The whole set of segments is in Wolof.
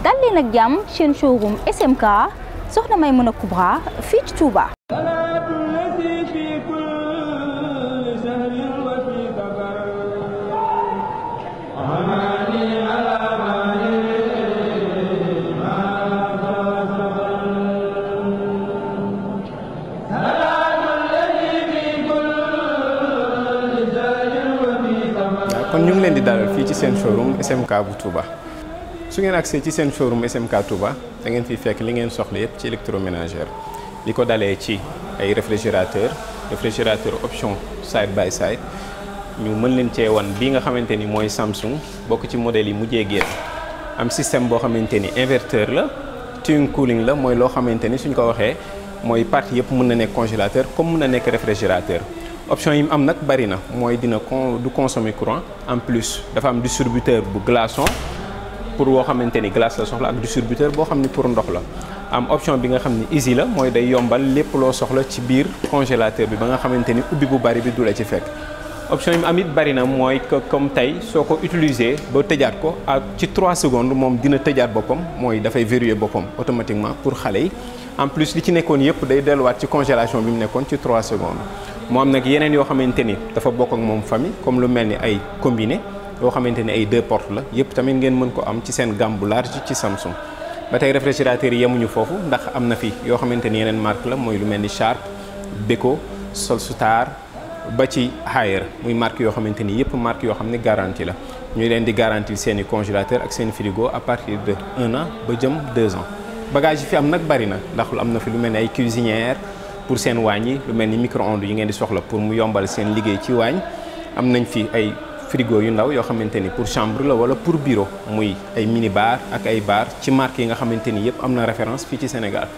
dal ak jàmm seen showroom SMK soxna Maymuna Kubra fii ci Touba. kon ñu ngi leen di dalal fii ci seen showroom SMK bu Touba. su ngeen agsee ci seen showroom SMK Touba da ngeen fiy fekk li ngeen soxla yépp ci électroménager li ko dalee ci ay réfrigérateur réfrigérateur option side by side ñu mën leen cee wan bii nga xamante ni mooy Samsung bokk ci modèle yi mujjee génn am système boo xamante ni inverteur la tuning cooling la mooy loo xamante ni suñ ko waxee mooy partie yëpp mën na nekk congélateur comme mun na nekk réfrigérateur option yi mu am nag bari na mooy dina du consommer courant en plus dafa am distributeur bu glaçon pour woo xamante ni glace la soxla ak distributeur boo xam ni pour ndox la am option bi nga xam ni easy la mooy day yombal lépp loo soxla ci biir congélateur bi ba nga xamante ni ubbi bu bari bi du la ci fekk option yi am it bari na mooy que comme tey soo ko utiliser ba tëjaat ko ak ci trois secondes moom dina tëjaat boppam mooy dafay verrouiller boppam automatiquement pour xale yi en plus li ci nekkoon yëpp day delluwaat ci congélation bi mu nekkoon ci 3 secondes. moo am nag yoo xamante ni dafa bokk ak moom famille mel ay combiné. yoo xamante ne ay deux portes la yëpp tamit ngeen mën ko am ci seen gamme bu large ci Samsung ba tey réfrigérateur yi yemuñu foofu ndax am na fi yoo xamante ni yeneen marque la mooy lu mel ni Sharp Beko Solstar ba ci Haier muy marque yoo xamante ni yëpp marque yoo xam ne garantie la ñu leen di garantir seen i congélateur ak seen frigo à partir de un an ba jëm deux ans bagage yi fi am nag bari na ndax lu am na fi lu mel ni ay cuisinière pour seen waañ yi lu mel ni micro yi ngeen di soxla pour mu yombal liggéey ci waañ am nañ fi ay frigo yu ndaw yoo xamante ni pour chambre la wala pour bureau muy ay mini ak ay bar ci marque yi nga xamante ni yëpp am na référence fii ci Sénégal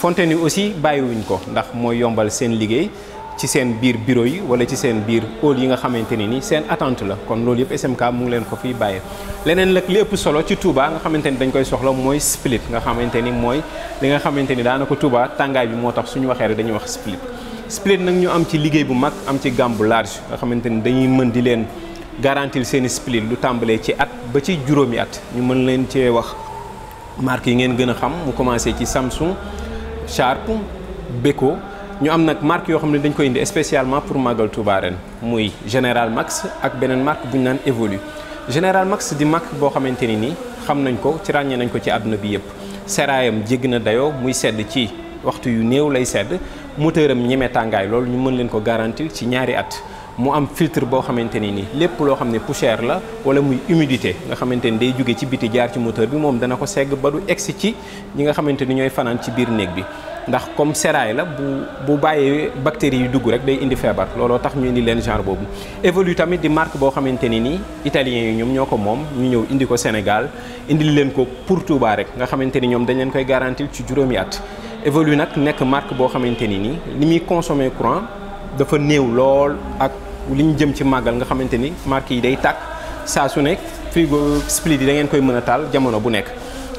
fontaine yi aussi bàyyiwuñ ko ndax mooy yombal seen liggéey ci seen biir bureau yi wala ci seen biir hall yi nga xamante ni ni seen attente la kon loolu yëpp SMK mu ngi leen ko fi bàyyee leneen nag li ëpp solo ci Touba nga xamante ni dañ koy soxla mooy split nga xamante ni mooy li nga xamante ni daanaka Touba tàngaay bi moo tax suñu waxee rek dañuy wax split split ñu am ci liggéey bu mag am ci gamme bu large nga xamante ni dañuy mën di garantil seen spleen lu tàmbalee ci at ba ci juróomi at ñu mën leen cee wax marque yi ngeen gën a xam mu commencé ci Samsung Sharp Beko ñu am nag marque yoo xam ne dañ koy indi spécialement pour màggal Touba ren muy General Max ak beneen marque bu naan Evolu General Max di marque boo xamante ni nii xam nañ ko ci ràññee nañ ko ci àdduna bi yëpp seraayam jégg na dayoo muy sedd ci waxtu yu néew lay sedd moteuram ñeme tàngaay loolu ñu mën leen ko garantir ci ñaari at mu am filtre boo xamante ni nii lépp loo xam ne poussière la wala muy humidité nga xamante ni day jóge ci biti jaar ci moteur bi moom dana ko segg ba du egsi ci ñi nga xamante ni ñooy fanaan ci biir néeg bi ndax comme sérail la bu bu bàyyee bactéries yi dugg rek day indi feebar looloo tax ñu indi leen genre boobu Évolu tamit di marque boo xamante ni nii italien yi ñoom ñoo ko moom ñu ñëw indi ko Sénégal indi leen ko pour Touba rek nga xamante ni ñoom dañ leen koy garantir ci juróomi at Évolu nag nekk marque boo xamante ni nii li muy consommer courant dafa néew lool li ñu jëm ci màggal nga xamante ni marque yi day tàkk saa su nekk frigo split yi dangeen koy mën a taal jamono bu nekk.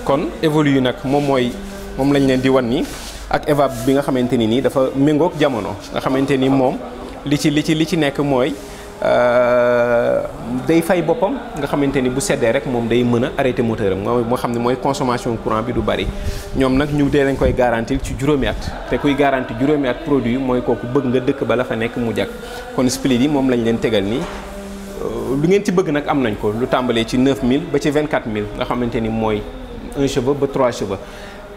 kon yu nag moom mooy moom lañ leen di wan nii ak évap bi nga xamante ni nii dafa méngoog jamono nga xamante ni moom li ci li ci li ci nekk mooy. Euh, day fay boppam nga xamante ni bu seddee rek moom day mën a arrêté moteur am moo xam ne mooy consommation courant bi du bari ñoom nag ñu dee lañ koy garantir ci juróomi at te kuy garanti juróomi at produit mooy kooku bëgg nga dëkk ba la fa nekk mu jag kon split yi moom lañ leen tegal nii euh, lu ngeen ci bëgg nag am nañ ko lu tàmbalee ci 9000 ba ci 24000 nga xamante ni mooy un cheveu ba trois cheveux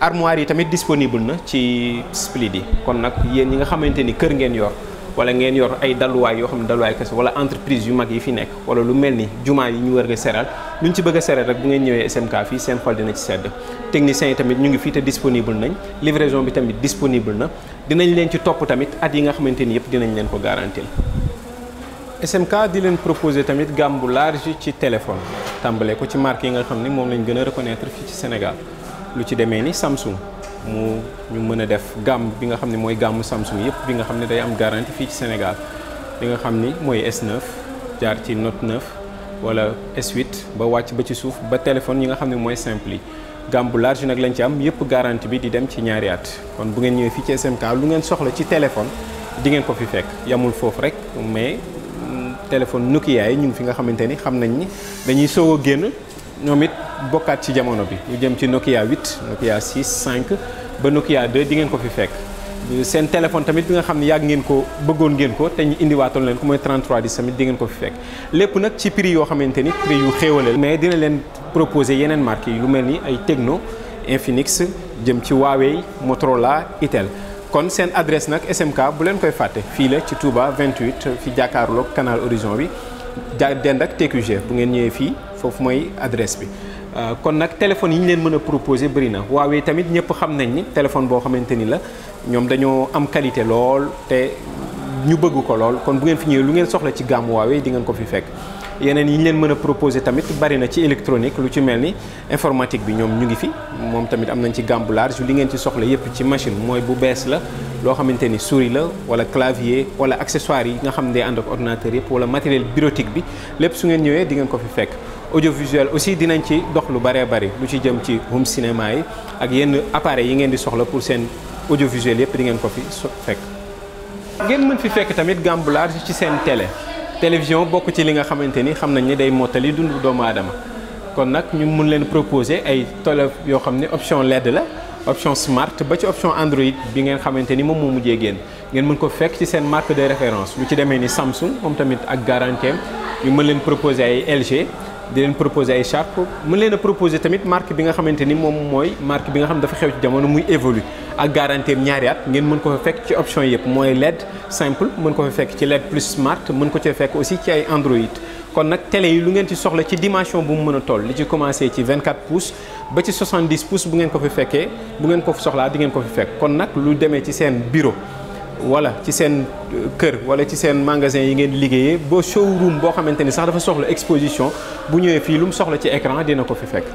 armoire yi tamit disponible na ci split yi kon nag yéen ñi nga xamante ni kër ngeen yor wala ngeen yor ay daluwaay yoo xam ne daluwaay kese wala entreprise yu mag yi fi nekk wala lu mel ni jumaa yi ñu war a seral luñ ci bëgg a seral rek bu ngeen ñëwee SMK fii seen xol dina ci sedd techniciens yi tamit ñu ngi fii te disponible nañ livraison bi tamit disponible na dinañ leen ci topp tamit at yi nga xamante ni yëpp dinañ leen ko garantil SMK di leen proposé tamit gamme bu large ci téléphone tàmbale ko ci marque yi nga xam ne moom lañ gën a reconnaître fii ci Sénégal lu ci demee ni Samsung mu ñu mën a def gamme bi nga xam ne mooy gàmmu Samsung yëpp bi nga xam ne day am garantie fii ci Sénégal li nga xam ni mooy S9 ci Note 9 wala s ba wàcc ba ci suuf ba téléphone yi nga xam ne mooy simple yi gamme bu large nag lañ ci am yëpp garanti bi di dem ci ñaari at kon bu ngeen ñëwee fii ci SMK lu ngeen soxla ci téléphone di ngeen ko fi fekk yamul foofu rek mais mm, téléphone Nokia yi ñu fi nga xamante ni xam nañ ni dañuy soog a génn ñoom bokkaat ci jamono bi ñu jëm ci Nokia 8 Nokia 6 5 ba Nokia 2 di ngeen ko fi fekk seen téléphone tamit bi nga xam ne yàgg ngeen ko bëggoon ngeen ko te ñu indiwaatoon leen ko mooy 33 10 tamit di ngeen ko fi fekk lépp nag ci prix yoo xamante ni prix yu xéewaleel mais dina leen proposer yeneen marques yi lu mel ni ay techno Tecno Infinix jëm ci Huawei Motorola Itel kon seen adresse nag SMK bu leen koy fàtte fii la ci Touba 28 fi jàkkaarloog canal Horizon bi ja dend ak TQG bu ngeen ñëwee fii foofu mooy adresse bi Euh, kon nag téléphone yi ñu leen mën a proposé bëri na Huawei tamit ñëpp xam nañ ni téléphone boo xamante ni la ñoom dañoo am qualité lool te ñu bëgg ko lool kon bu ngeen fi ñëwee lu ngeen soxla ci gamme Huawei di ko fi fekk. yeneen yi ñu leen mën a proposer tamit bari na ci électronique lu ci mel ni informatique bi ñoom ñu ngi fi moom tamit am ci gamme large li ngeen ci soxla yépp ci machine mooy bu bees la loo xamante ni souris la wala clavier wala accessoires yi nga xam ne day ànd ak ordinateur yépp wala matériel bureautique bi lépp su ngeen ñëwee di ngeen ko fi fekk. audiovisuel aussi dinañ ci dox lu bëree bëri lu ci jëm ci home cinéma yi ak yenn appareils yi ngeen di soxla pour seen audiovisuel yëpp di ngeen ko fi fekk. ngeen mën fi fekk tamit gamme ci seen télé télévision bokk ci li nga xamante ni xam nañ ni day mottali dundu doomu aadama kon nag ñu mun leen proposer ay télé yoo xam ni option LED la. option smart ba ci option Android bi ngeen xamante ni moom moo mujjee génn ngeen mën ko fekk ci seen marque de référence lu ci demee ni Samsung moom tamit ak garantie ñu mën leen proposer ay LG di leen proposer ay charpe mën leen a proposer tamit marque bi nga xamante ni moom mooy marque bi nga xam dafa xew ci jamono muy évolue ak garantie ñaari ngeen mën ko fa fekk ci option yëpp mooy LED simple mën ko fa fekk ci LED plus smart mën ko cee fekk aussi ci ay Android kon nag télé yi lu ngeen ci soxla ci dimension bu mu mën a toll li ci commencé ci 24 pouces ba ci 70 bu ngeen ko fi fekkee bu ngeen ko fi soxlaa di ngeen ko fi fekk kon nag lu demee ci seen bureau wala ci seen euh, kër wala ci seen magasin yi ngeen liggéeyee ba showroom boo xamante ni sax dafa soxla exposition bu ñëwee fii lu mu soxla ci écran dina ko fi fekk.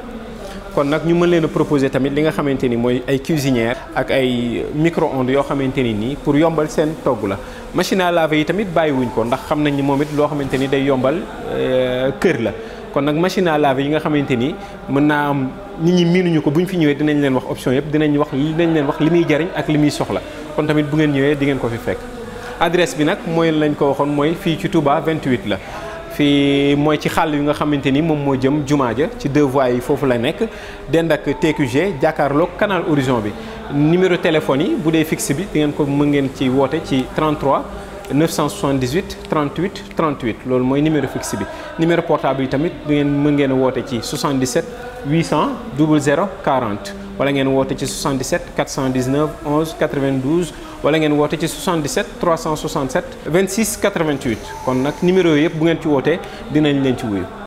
kon nag ñu mën leen a tamit li nga xamante ni mooy ay cuisinières ak ay euh, micro-ondes yoo xamante ni nii pour yombal seen togg la machine à yi tamit bàyyiwuñ ko ndax nañ ni moom it loo xamante ni day yombal euh, kër la. kon nag machine à laver yi nga xamante ni mën naa am nit ñi miinuñu ko bu ñu fi ñëwee dinañ leen wax option yëpp dinañ wax dinañ leen wax li muy jariñ ak li muy soxla. kon tamit bu ngeen ñëwee di ngeen ko fi fekk adresse bi nag mooy lañ ko waxoon mooy fii ci Touba 28 la fii mooy ci xàll yu nga xamante ni moom moo jëm jumaa ja ci deux voies yi foofu la nekk dend ak TQG jàkkaarloog canal horizon bi numéro téléphone yi bu dee fixe bi di ngeen ko mëngeen ci woote ci 33 978 38 loolu mooy numéro fixe bi numéro portable yi tamit di ngeen mën woote ci 77 800 00 40 wala ngeen woote ci 77 419 11 92 wala ngeen woote ci 77 367 26 88 kon nag numéro yooyu yëpp bu ngeen ci wootee dinañ leen ci wuyu.